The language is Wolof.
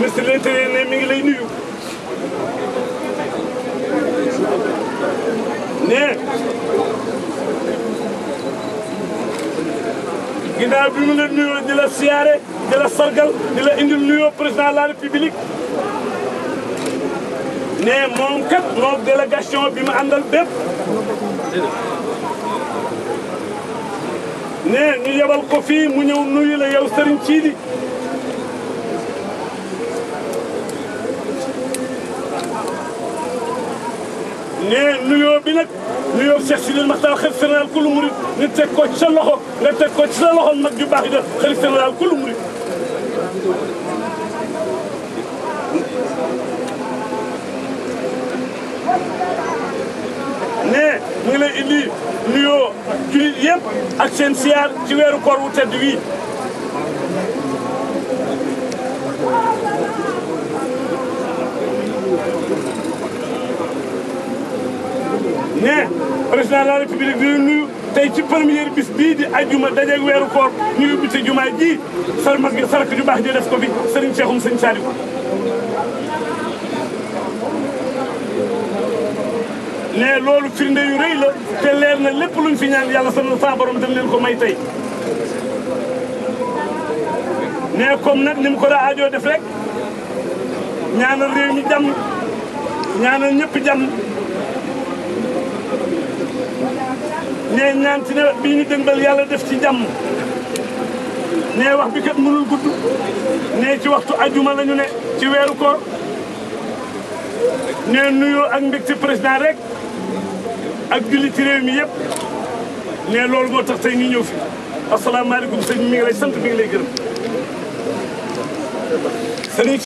Mesela nem iniyor. Ne? ginnaaw bi mu la nuyoo di la siyaare di la sargal di la indil nuyoo président de la république ne moom kat moom délégation bi mu àndal bépp ne né, ñu yebal ko fii mu ñëw nuyu la yow Serigne Sidi nee nuyoo bi nag nuyoo Cheikh Sidil Maxtaar xalif général kullu murid nga teg ko ci sa loxo nga teg ko ci sa loxo mag ju baax da xalif général kullu murid nee mu ngi lay indi nuyoo jullit yëpp ak seen siyaar ci weeru koor wu tedd wii ne président de la république dina nuyu tey ci première bis bii di ajjuma dajeeg weeru koor ñu yóbbu ci jumaa ji sar mas gi sarak ju baax ji def ko bi sëriñ Seexum sëñ Saaliw ne loolu firnde yu la te leer na lépp luñ fi ñaan yàlla sama saa borom dam leen ko may tey ne comme nag ni ko daa aajoo def rek ñaanal réew mi jàmm ñaanal ñëpp jàmm nee ñaan ci nawet bii ñu dëngal yàlla def ci jàmm nee wax bi kat mënul gudd nee ci waxtu ajuma la ñu ne ci weeru koor nee nuyoo ak ci président rek ak julli ci réew mi yëpp nee loolu moo tax tey ñu ñëw fi asalaamaaleykum sëñ mi ngi lay sant bi ngi lay gërëm